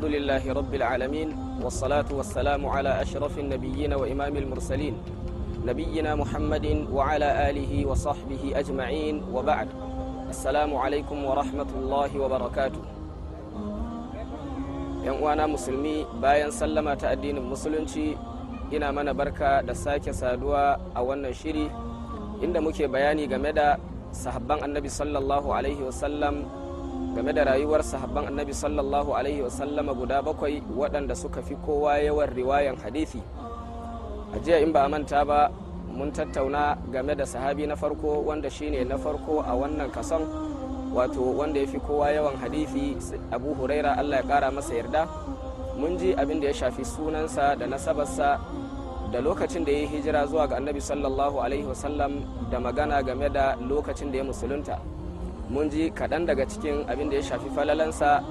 الحمد لله رب العالمين والصلاة والسلام على أشرف النبيين وإمام المرسلين نبينا محمد وعلى آله وصحبه أجمعين وبعد السلام عليكم ورحمة الله وبركاته yan uwana musulmi bayan sallama ta addinin musulunci ina mana barka da sake saduwa a wannan shiri inda muke bayani game da sahabban annabi sallallahu alaihi wasallam game da rayuwar sahabban annabi sallallahu alaihi wasallama guda bakwai waɗanda suka fi kowa yawan riwayan hadithi a jiya in ba a manta ba mun tattauna game da sahabi na farko wanda shine na farko a wannan kason wato wanda ya fi kowa yawan hadithi abu huraira allah ya kara masa yarda mun ji abin da ya shafi sunansa da nasabarsa da lokacin da ya hijira zuwa ga annabi sallallahu alaihi wasallam da magana game da lokacin da ya musulunta mun ji kaɗan daga cikin abin da ya shafi falalansa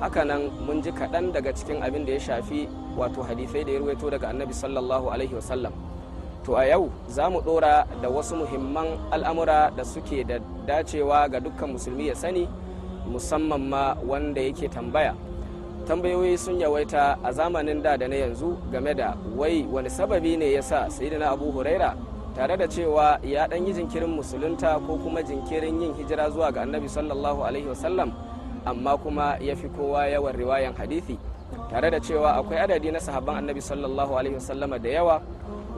hakanan mun ji kaɗan daga cikin abin da ya shafi wato hadisai da ya ruwaito daga annabi sallallahu alaihi wasallam to a yau za mu ɗora da wasu muhimman al'amura da suke da dacewa ga dukkan musulmi ya sani musamman ma wanda yake tambaya tambayoyi sun yawaita a zamanin da da na yanzu game da wai wani sababi ne ya sa sayidina abu huraira tare da cewa ya dan yi jinkirin musulunta ko kuma jinkirin yin hijira zuwa ga annabi sallallahu alaihi wasallam amma kuma ya fi kowa yawan riwayan hadithi tare da cewa akwai adadi na sahabban annabi sallallahu alaihi wasallam da yawa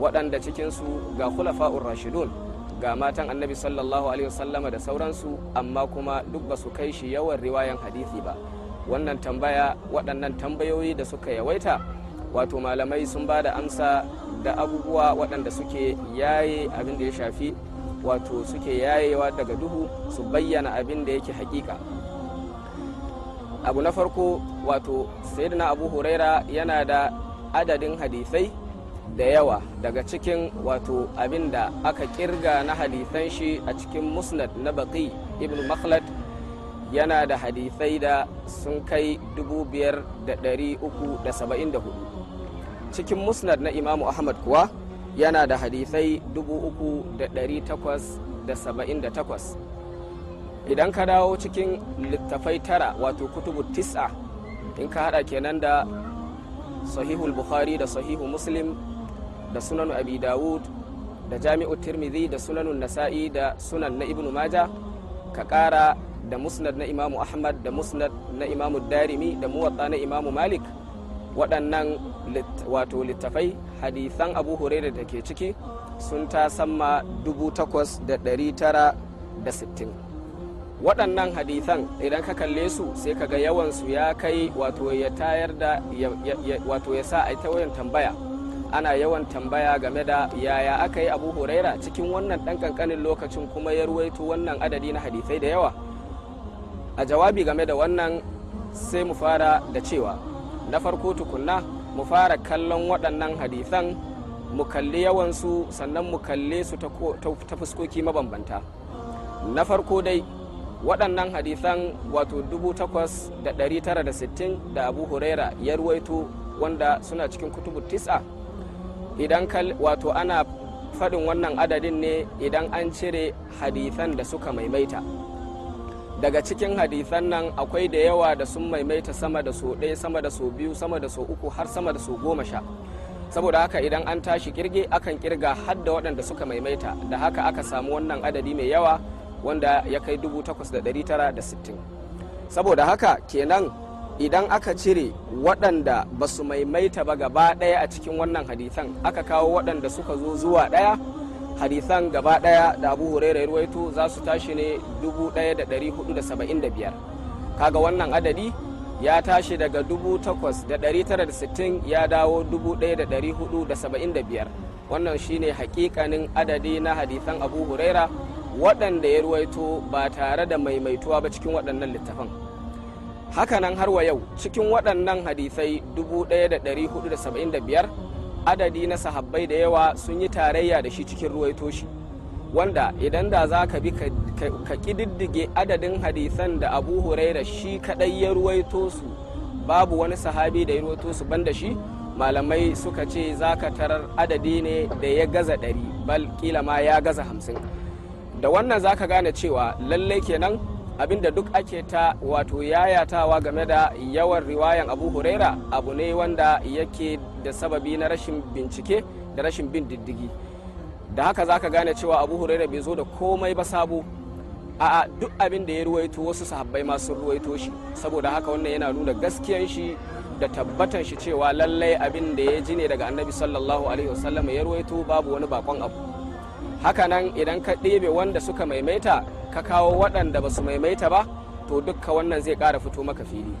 waɗanda cikinsu ga kulafa'ur rashidun ga matan annabi sallallahu alaihi wasallam da sauransu amma kuma duk ba su kai shi yawan riwayan hadithi ba wannan tambaya waɗannan tambayoyi da suka yawaita wato malamai sun ba da amsa da abubuwa waɗanda suke yaye abin da ya shafi wato suke yayewa daga duhu su bayyana abin da yake hakika abu na farko wato sayyidina abu huraira yana da adadin hadisai da yawa daga cikin wato abin da aka kirga na hadisan shi a cikin musnad na baki ibn makhlad yana da hadisai da sun kai 5,374 cikin musnad na imamu ahmad kuwa yana da hadisai 3,878 idan ka dawo cikin littafai tara wato kutubu tis'a in ka hada kenan da sahihu bukhari da sahihu muslim da sunan abi dawud da jami'u tirmidhi da sunanun nasa'i da sunan na ibnu maja ka kara da musnad na imamu ahmad da musnad na imamu darimi da muwatta na imamu malik waɗannan wato littafai hadithan abu huraira da ke ciki sun ta sama 8,960 waɗannan hadithan idan ka kalle su sai ka ga yawansu ya kai wato ya tayar da wato ya sa a ta wayan tambaya ana yawan tambaya game da yaya aka yi abu huraira cikin wannan ɗan ƙanƙanin lokacin kuma ya ruwaito wannan adadi na hadithai da yawa a jawabi game da wannan sai mu fara da cewa na farko tukunna mu fara kallon waɗannan hadisan mu kalli yawansu sannan mu kalle su ta fuskoki mabambanta na farko dai waɗannan hadisan wato 8,960 da abu huraira ya ruwaito wanda suna cikin kutubu tis'a idan wato ana faɗin wannan adadin ne idan an cire hadisan da suka maimaita daga cikin hadisan nan akwai da yawa da sun maimaita sama da so ɗaya sama da so biyu sama da so uku har sama da so goma sha saboda haka idan an tashi kirge akan kirga har da waɗanda suka maimaita da haka aka samu wannan adadi mai yawa wanda ya kai dubu 8,960 saboda haka kenan idan aka cire waɗanda ba su maimaita ba gaba ɗaya a cikin wannan hadisan aka kawo waɗanda suka zo zuwa ɗaya hadisan gaba daya da abu huraira ruwaito za su tashi ne 1475 kaga wannan adadi ya tashi daga 8960 ya dawo 1475 wannan shine hakikanin adadi na hadisan abu huraira waɗanda ya ruwaito ba tare da maimaituwa ba cikin waɗannan littafan hakanan har wa yau cikin waɗannan hadisai 1475 adadi na sahabbai da yawa sun yi tarayya da shi cikin ruwaito shi wanda idan da za ka bi ka kididdige adadin hadisan da abu huraira shi kadai ya ruwaito su babu wani sahabi da ya ruwaito su banda shi malamai suka ce za ka tarar adadi ne da ya gaza ɗari bal kila ma ya gaza hamsin da wannan za ka gane cewa lallai kenan abinda duk ake ta wato yayatawa game da yawan riwayan abu huraira abu ne wanda yake da sababi na rashin bincike da rashin bin diddigi da haka zaka gane cewa abu huraira bai zo da komai ba sabo a duk abin da ya ruwaito wasu sahabbai masu sun ruwaito shi saboda haka wannan yana nuna gaskiyan shi da tabbatan shi cewa lallai abin da ya ji ne daga annabi sallallahu alaihi wasallam ya ruwaito babu wani bakon abu hakanan idan ka ɗebe wanda suka maimaita ka kawo waɗanda ba su maimaita ba to dukka wannan zai ƙara fito maka fili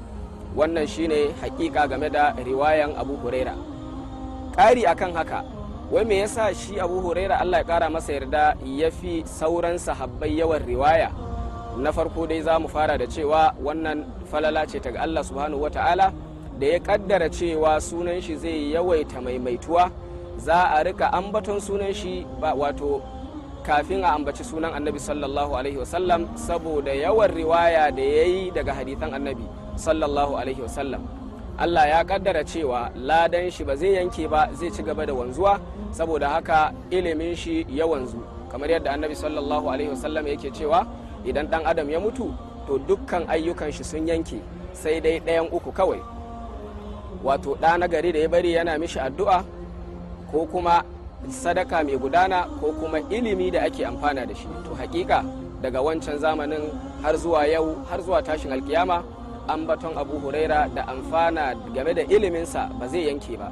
wannan shine haƙiƙa game da riwayan abu huraira ƙari akan haka wai me yasa shi abu huraira allah ya ƙara masa yarda ya fi sauran sahabbai yawan riwaya na farko dai za mu fara da cewa wannan falala ce daga allah subhanahu wata'ala da ya ƙaddara cewa sunan shi zai yawaita maimaituwa za a rika ambaton sunan shi ba wato kafin a ambaci sunan annabi sallallahu alaihi wasallam saboda yawan riwaya da ya yi daga hadithan annabi sallallahu alaihi wasallam Allah ya kaddara cewa ladan shi ba zai yanke ba zai ci gaba da wanzuwa saboda haka ilimin shi ya wanzu kamar yadda annabi sallallahu alaihi wasallam yake cewa idan dan adam ya mutu to dukkan ayyukan shi sun yanke sai dai ɗayan uku kawai wato ɗa na gari da ya bari yana mishi addu'a ko kuma sadaka mai gudana ko kuma ilimi da ake amfana da shi to hakika daga wancan zamanin har zuwa yau har zuwa tashin alkiyama ambaton abu huraira da amfana game da iliminsa ba zai yanke ba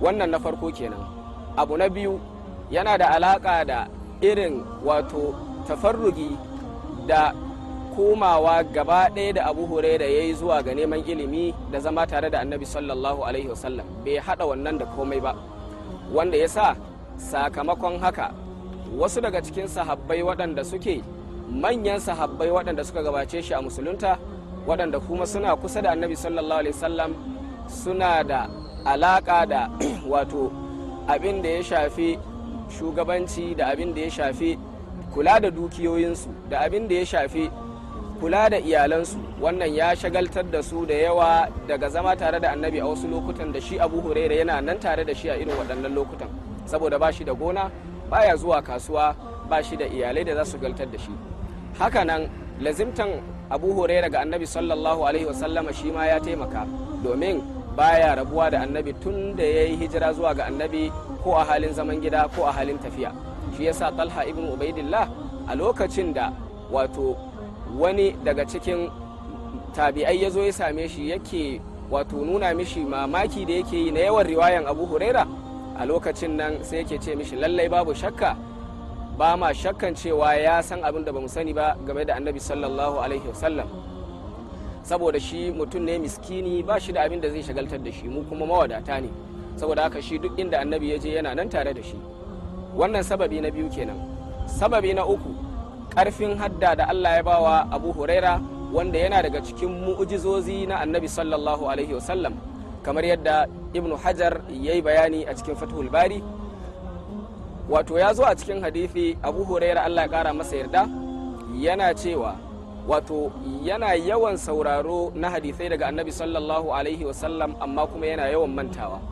wannan na farko kenan abu na biyu yana da alaka da irin wato tafarrugi da komawa gaba ɗaya da abu huraira ya yi zuwa ga neman ilimi da zama tare da annabi sallallahu alaihi wasallam bai haɗa wannan da komai ba wanda ya sa sakamakon haka wasu daga cikin sahabbai waɗanda suke manyan sahabbai waɗanda suka gabace shi a musulunta waɗanda kuma suna kusa da annabi sallallahu alaihi wasallam suna da alaƙa da wato abin da ya shafi shugabanci da abin da ya shafi kula da dukiyoyinsu da abin da ya shafi kula da iyalansu wannan ya shagaltar da su da yawa daga zama tare da annabi a wasu lokutan da shi abu huraira yana nan tare da shi a irin waɗannan lokutan saboda ba shi da gona baya zuwa kasuwa ba shi da iyalai da za su galtar da shi hakanan lazimtan abu huraira ga annabi sallallahu alaihi wasallama shi ma ya taimaka domin baya rabuwa da annabi tun da ya yi hijira zuwa ga annabi ko a halin zaman gida ko a halin tafiya shi yasa talha ibn ubaidillah a lokacin da wato wani daga cikin tabi'ai ya zo ya same shi yake wato nuna mishi mamaki da yake yi na yawan riwayan abu huraira a lokacin nan sai yake ce mishi lallai babu shakka ba ma shakkan cewa ya san abin da bamu sani ba game da annabi sallallahu alaihi wasallam saboda shi mutum ne miskini ba shi da abin da zai shagaltar da shi mu kuma mawadata ne saboda haka shi duk inda annabi ya je yana nan tare da shi wannan sababi na biyu kenan sababi na uku karfin hadda da Allah ya bawa Abu Huraira wanda yana daga cikin mu'ujizozi na Annabi sallallahu alaihi wasallam kamar yadda Ibn Hajar yayi bayani a cikin Fathul Bari wato ya zo a cikin hadithi Abu Huraira Allah ya kara masa yarda yana cewa wato yana yawan sauraro na hadithai daga Annabi sallallahu alaihi wasallam amma kuma yana yawan mantawa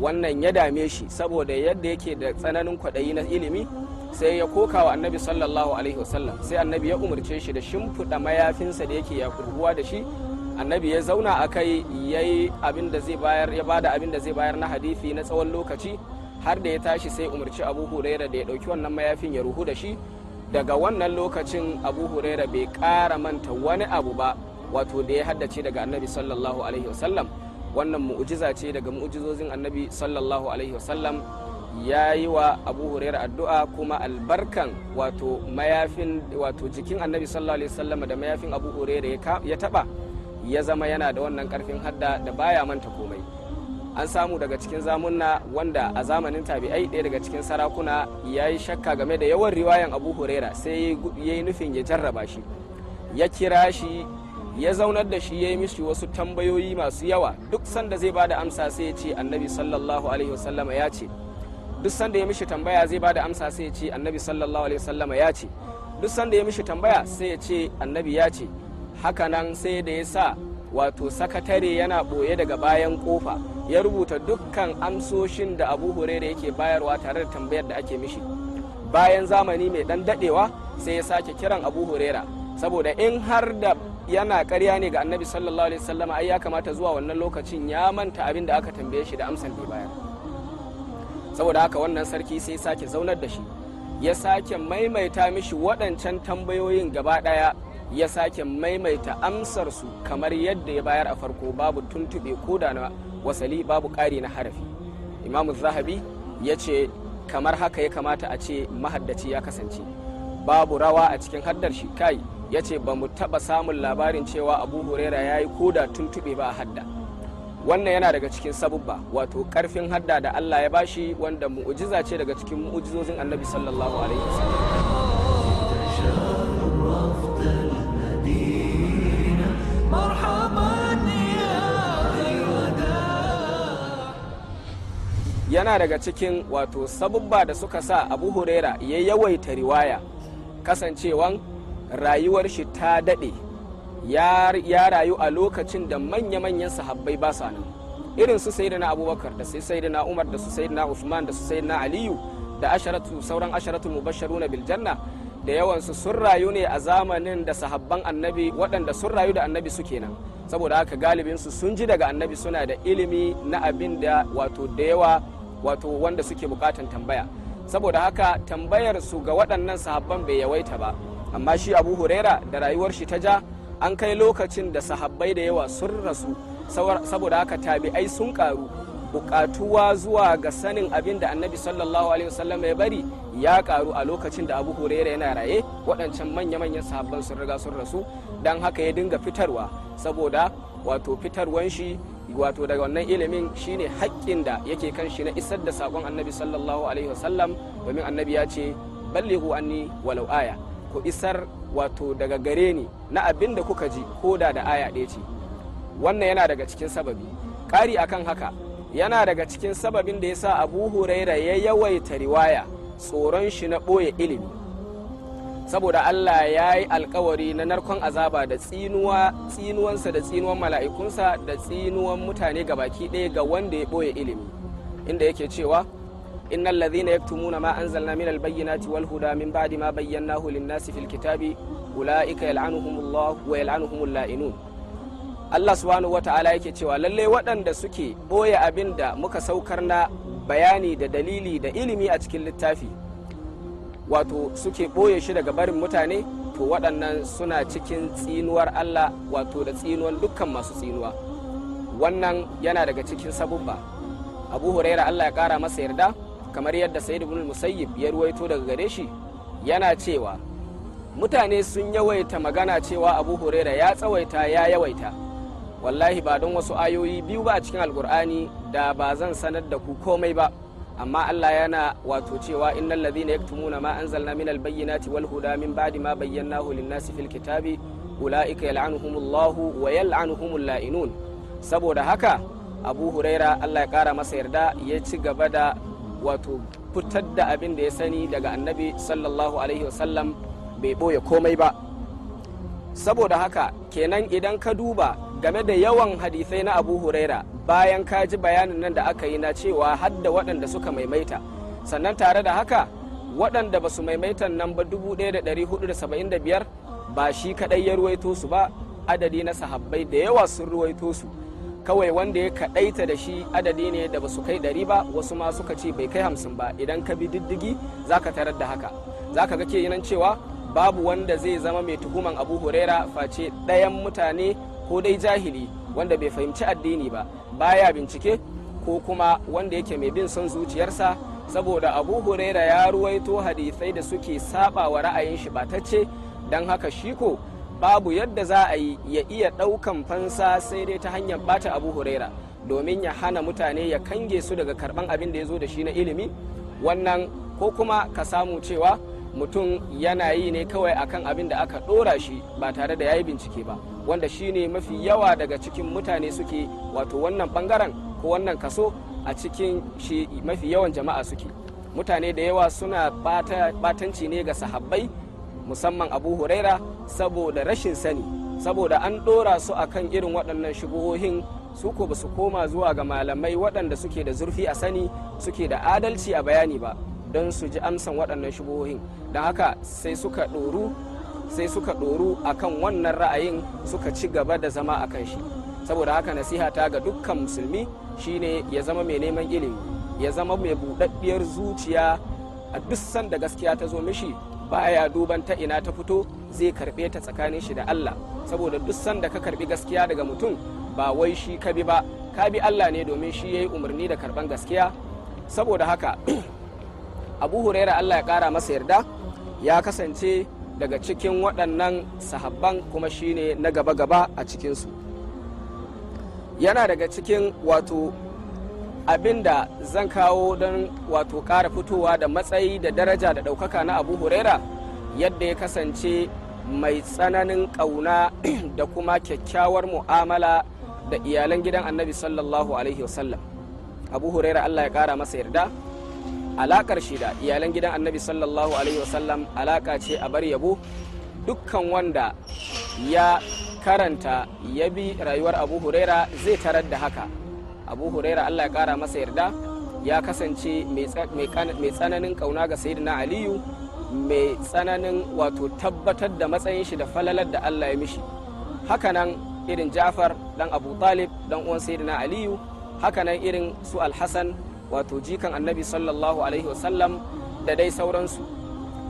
wannan ya dame shi saboda yadda yake da tsananin kwaɗayi na ilimi sai ya koka wa annabi sallallahu alaihi wasallam sai annabi ya umarce shi da shimfiɗa mayafinsa da yake ya da shi annabi ya zauna a kai ya yi abin da zai bayar ya bada abin da zai bayar na hadifi na tsawon lokaci har da ya tashi sai umarci abu huraira da ya ɗauki wannan mayafin ya ruhu da shi daga wannan lokacin abu huraira bai ƙara manta wani abu ba wato da ya haddace daga annabi sallallahu alaihi wasallam wannan mu'ujiza ce daga mu'ujizozin annabi sallallahu alaihi wasallam ya yi wa abu huraira addu'a kuma albarkan wato mayafin wato jikin annabi sallallahu alaihi wasallam da mayafin abu huraira ya taba ya zama yana da wannan karfin hadda da baya manta komai an samu daga cikin zamunna wanda a zamanin tabi'ai ɗaya daga cikin sarakuna ya yi shakka game da yawan riwayan abu huraira sai ya yi nufin ya jarraba shi ya kira shi ya zaunar da shi ya yi mishi wasu tambayoyi masu yawa duk sanda zai bada amsa sai ya ce annabi sallallahu alaihi wasallama ya ce duk sanda ya mishi tambaya zai bada amsa sai ya ce annabi sallallahu alaihi wasallama ya ce duk sanda ya mishi tambaya sai ya ce annabi ya ce nan sai da ya sa wato sakatare yana ɓoye daga bayan kofa ya rubuta dukkan amsoshin da abu hurera yake bayarwa tare da tambayar da ake mishi bayan zamani mai dan dadewa sai ya sake kiran abu hurera saboda in har da yana karya ne ga annabi sallallahu alaihi wasallam ai ya kamata zuwa wannan lokacin ya manta abin da aka tambaye shi da amsan bai bayar saboda haka wannan sarki sai sake zaunar da shi ya sake maimaita mishi waɗancan tambayoyin gaba ɗaya ya sake maimaita amsar su kamar yadda ya bayar a farko babu tuntube ko da na wasali babu ƙari na harafi imamu zahabi ya ce kamar haka ya kamata a ce mahaddaci ya kasance babu rawa a cikin haddar shi kai ya ce ba mu taɓa samun labarin cewa abu huraira ya yi koda tuntuɓe ba a hadda wannan yana daga cikin sabubba wato karfin hadda da allah ya bashi wanda mu'ujiza ce daga cikin mu'ujizozin annabi sallallahu alaihi yana daga cikin wato sabubba da suka sa abu huraira ya yawaita riwaya kasancewan rayuwar shi ta daɗe ya rayu a lokacin da manya-manyan sahabbai ba sa nan irin su na abubakar da sai na umar da su na usman da su na aliyu da asharatu sauran asharatu mubashsharuna na biljanna da yawansu sun rayu ne a zamanin da sahabban annabi waɗanda sun rayu da annabi su kenan saboda haka galibinsu sun ji daga annabi suna da ilimi na abin da wato da yawa wato wanda suke bukatan tambaya saboda haka tambayar su ga waɗannan sahabban bai yawaita ba amma shi abu huraira da rayuwar shi ta ja an kai lokacin da sahabbai da yawa sun rasu saboda haka tabi'ai sun karu bukatuwa zuwa ga sanin abin da annabi sallallahu alaihi wasallam ya bari ya karu a lokacin da abu huraira yana raye waɗancan manya-manyan sahabban sun riga sun rasu don haka ya dinga fitarwa saboda wato fitarwan shi wato daga wannan ilimin shine hakkin da yake kan shi na isar da sakon annabi sallallahu alaihi wasallam domin annabi ya ce balligu anni walau aya ku isar wato daga gare ni na abin da kuka ji koda da aya ɗaya ce wannan yana daga cikin sababi ƙari akan haka yana daga cikin sababin da ya sa abu huraira ya yawaita riwaya tsoron shi na ɓoye ilimi saboda allah ya yi alkawari na narkon azaba da tsinuwansa da tsinuwan mala'ikunsa da tsinuwan mutane ga baki ɗaya ga wanda ya ɓoye ilimi inda yake cewa innal الذين يكتمون ma anzalna من البينات والهدى من min ما ma للناس في الكتاب fil kitabi ulaika ويلعنهم wa yal'anuhumul la'inun Allah subhanahu ta'ala yake cewa lallai waɗanda suke ɓoye abin da muka saukar na bayani da dalili da ilimi a cikin littafi wato suke boye shi daga barin mutane to waɗannan suna cikin tsinuwar Allah wato da tsinuwar dukkan masu tsinuwa wannan yana daga cikin sabubba abu huraira Allah ya kara masa yarda kamar yadda sa'id ibn musayyib ya ruwaito daga gare shi yana cewa mutane sun yawaita magana cewa abu huraira ya tsawaita ya yawaita wallahi ba don wasu ayoyi biyu ba a cikin alkur'ani da ba zan sanar da ku komai ba amma Allah yana wato cewa innal ladhina yaktumuna ma anzalna minal bayyinati wal huda min ba'di ma bayyanahu lin-nasi fil kitabi ulaika yal'anuhumullahu wa yal'anuhumul la'inun saboda haka Abu Huraira Allah ya kara masa yarda ya ci gaba da wato fitar da abin da ya sani daga annabi sallallahu alaihi wasallam bai ɓoye komai ba saboda haka kenan idan ka duba game da yawan hadisai na abu huraira bayan ka ji bayanin nan da aka yi na cewa hadda waɗanda suka maimaita sannan tare da haka waɗanda ba su maimaita nan ba biyar ba shi kaɗai ya ruwaito su ba adadi na sahabbai da yawa sun ruwaito su kawai wanda ya kaɗaita da shi adadi ne da basu kai ɗari ba wasu ma suka ce bai kai hamsin ba idan ka bi diddigi za ka tarar da haka za ka ga ke nan cewa babu wanda zai zama mai tuhuman abu huraira face ɗayan mutane ko dai jahili wanda bai fahimci addini ba baya bincike ko kuma wanda yake mai bin son zuciyarsa saboda abu huraira ya ruwaito hadisai da suke saba ra'ayin shi batacce don haka shi ko babu yadda za a yi ya iya ɗaukan fansa sai dai ta hanyar bata abu huraira domin ya hana mutane ya kange su daga karban abin da ya zo da shi na ilimi wannan ko kuma ka samu cewa mutum yana yi ne kawai akan abin da aka ɗora shi ba tare da ya yi bincike ba wanda shi ne mafi yawa daga cikin mutane suke wato wannan bangaren ko wannan kaso a cikin shi mafi yawan jama'a suke mutane da yawa suna batanci ne ga sahabbai musamman abu huraira saboda rashin sani saboda an dora su akan irin waɗannan shubuhohin su ko ba su koma zuwa ga malamai waɗanda suke da zurfi a sani suke da adalci a bayani ba don su ji amsan waɗannan shubuhohin don haka sai suka ɗoru sai suka ɗoru akan wannan ra'ayin suka ci gaba da zama a kan shi saboda haka nasiha ta ga dukkan musulmi shine ya zama mai neman ilimi ya zama mai buɗaɗɗiyar zuciya a duk sanda gaskiya ta zo mishi baya duban ta ina ta fito zai karbe ta tsakanin shi da Allah saboda duk sanda ka karbi gaskiya daga mutum ba wai shi ka bi ba ka bi Allah ne domin shi yayi umarni da karban gaskiya saboda haka Abu Huraira Allah ya kara masa yarda ya kasance daga cikin waɗannan sahabban kuma shine na gaba-gaba a su yana daga cikin wato abin da zan kawo don wato ƙara fitowa da matsayi da daraja da ɗaukaka na abu huraira yadda ya kasance mai tsananin ƙauna da kuma kyakkyawar mu'amala da iyalan gidan annabi sallallahu alaihi wasallam abu huraira allah ya kara masa yarda alaƙar shi da iyalan gidan annabi sallallahu alaihi wasallam alaƙa ce a bar yabo dukkan wanda ya karanta ya bi rayuwar abu huraira zai tarar da haka abu huraira allah ya kara masa yarda ya kasance mai tsananin kauna ga sayyidina aliyu mai tsananin wato tabbatar da matsayin shi da falalar da allah ya mishi hakanan irin jafar dan abu talib dan uwan sayyidina aliyu hakanan irin su alhassan wato jikan annabi sallallahu alaihi wasallam da dai sauransu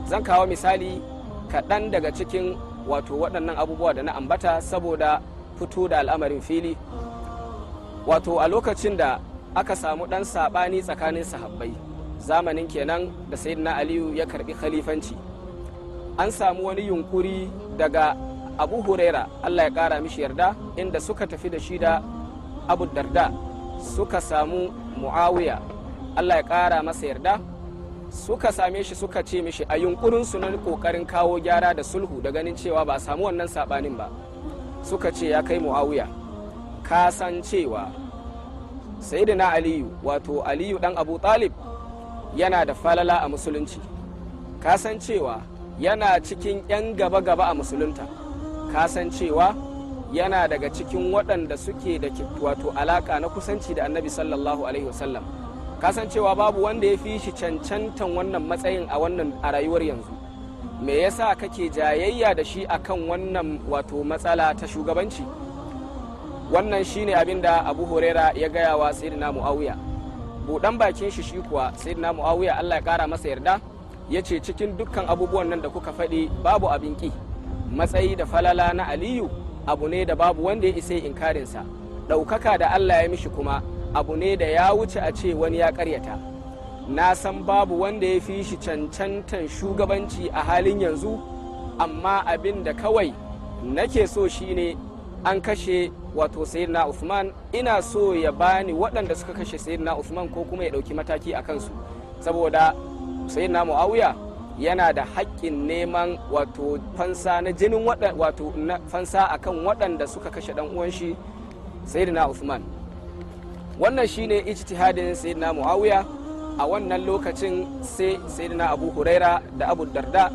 zan kawo misali kaɗan daga cikin wato waɗannan abubuwa da na ambata saboda fito da al'amarin fili wato a lokacin da aka samu ɗan saɓani tsakanin sahabbai zamanin kenan da sayyidina aliyu ya karɓi khalifanci an samu wani yunkuri daga abu huraira allah ya ƙara mishi yarda inda suka tafi da shi da abu darda suka samu muawiya allah ya ƙara masa yarda suka same shi suka ce mishi a yunkurin su na kokarin kawo gyara da sulhu da ganin cewa ba a samu wannan saɓanin ba suka ce ya kai muawiya ka san cewa na aliyu wato aliyu dan abu talib yana da falala a musulunci ka cewa yana cikin 'yan gaba-gaba a musulunta kasancewa yana daga cikin waɗanda suke da wato alaka na kusanci da annabi sallallahu alaihi wasallam kasancewa babu wanda ya fi shi cancantan wannan matsayin a wannan a rayuwar yanzu me yasa kake jayayya da shi akan wannan wato matsala ta shugabanci wannan shine abin da abu horera ya gaya wa sayyidina muawiya budan bakin shi shi kuwa sayyidina muawiya Allah ya kara masa yarda ya ce cikin dukkan abubuwan nan da kuka faɗi babu abin ki matsayi da falala na aliyu abu ne da babu wanda ya isa karinsa ɗaukaka da Allah ya mishi kuma abu ne da ya wuce a ce wani ya karyata na san babu wanda ya fi shi cancantan shugabanci a halin yanzu amma abin da kawai nake so shine an kashe wato sayyidina Uthman ina so ya bani waɗanda suka kashe sayyidina usman ko kuma ya ɗauki mataki a kansu saboda sayyidina Muawiya yana da haƙƙin neman wato fansa na jinin wato fansa akan waɗanda suka kashe ɗan uwan shi sayyidina Uthman wannan shine ijtihadin sayyidina Muawiya a wannan lokacin sai sayyidina Abu Huraira da Abu Darda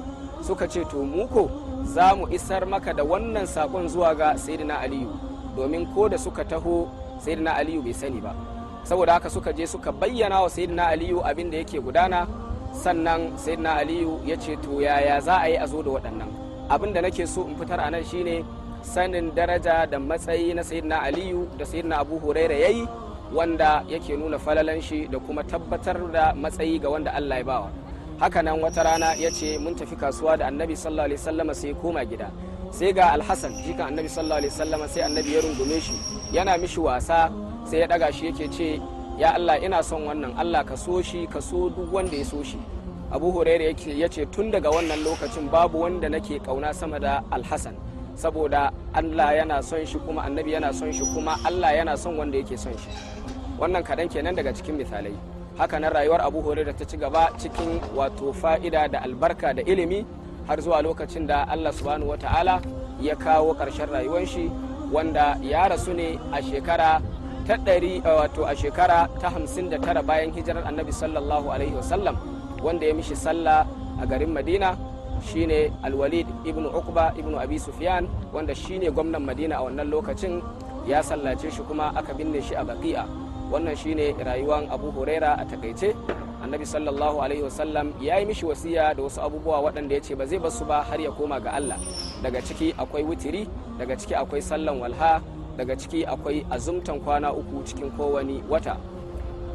suka ce to mu ko za mu isar maka da wannan sakon zuwa ga saidina aliyu domin ko da suka taho sayyidina aliyu bai sani ba saboda haka suka je suka bayyana wa sayyidina aliyu abin da yake gudana sannan sayyidina aliyu ya ce to yaya za a yi a zo da waɗannan abin da nake so in fitar a nan shine sanin daraja da matsayi na sayyidina aliyu da sayyidina abu huraira yayi wanda yake nuna falalan shi da kuma tabbatar da matsayi ga wanda allah ya bawa hakanan wata rana ya ce mun tafi kasuwa da annabi sallallahu alaihi wasallama sai koma gida sai ga alhassan jikan annabi sallallahu alaihi wasallama sai annabi ya rungume shi yana mishi wasa sai ya daga shi yake ce ya allah ina son wannan allah ka so shi ka so duk wanda ya so shi abu huraira yake ya ce tun daga wannan lokacin babu wanda nake kauna sama da alhasan saboda allah yana son shi kuma annabi yana son shi kuma allah yana son wanda yake son shi wannan kaɗan kenan daga cikin misalai haka nan rayuwar abu da ta ci gaba cikin wato fa'ida da albarka da ilimi har zuwa lokacin da allah subhanahu wata'ala ya kawo ƙarshen rayuwar shi wanda ya rasu ne a shekara ta ɗari wato a shekara ta hamsin da tara bayan hijirar annabi sallallahu alaihi wasallam wanda ya mishi sallah a garin madina shine alwalid ibnu ukba ibnu abi sufyan wanda shine gwamnan madina a wannan lokacin ya sallace shi kuma aka binne shi a baqi'a wannan shine rayuwan abu huraira a takaice annabi sallallahu alaihi wasallam ya yi mishi wasiya da wasu abubuwa waɗanda ya ce ba zai basu ba har ya koma ga allah daga ciki akwai wutiri daga ciki akwai sallan walha daga ciki akwai azumtan kwana uku cikin kowani wata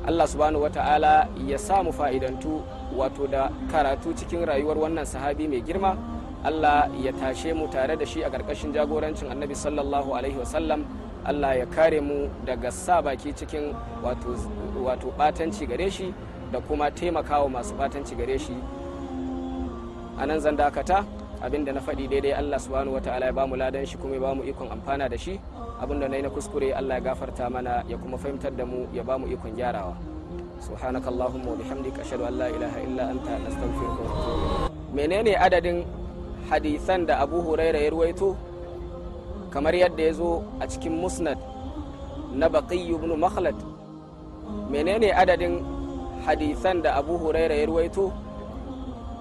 allah subhanahu wata'ala ya samu fa'idantu wato da karatu cikin rayuwar wannan sahabi mai girma allah ya tashe mu tare da shi a ƙarƙashin jagorancin annabi sallallahu alaihi wasallam allah ya kare mu daga sa baki cikin wato batanci gare shi da kuma taimakawa masu batanci gare shi a nan zan dakata abinda na faɗi daidai allah subhanahu wata'ala ya bamu ladan shi kuma ya bamu ikon amfana da shi abinda na yi na kuskure allah ya gafarta mana ya kuma fahimtar da mu ya bamu ikon gyarawa subhanakallahumma wa bihamdika ashhadu an la ilaha menene adadin hadisan da abu huraira ya ruwaito kamar yadda ya zo a cikin musnad na baqiyu ibn makhlad menene adadin hadisan da abu huraira ya ruwaito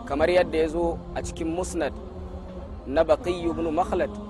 kamar yadda ya zo a cikin musnad na baqiyu ibn makhlad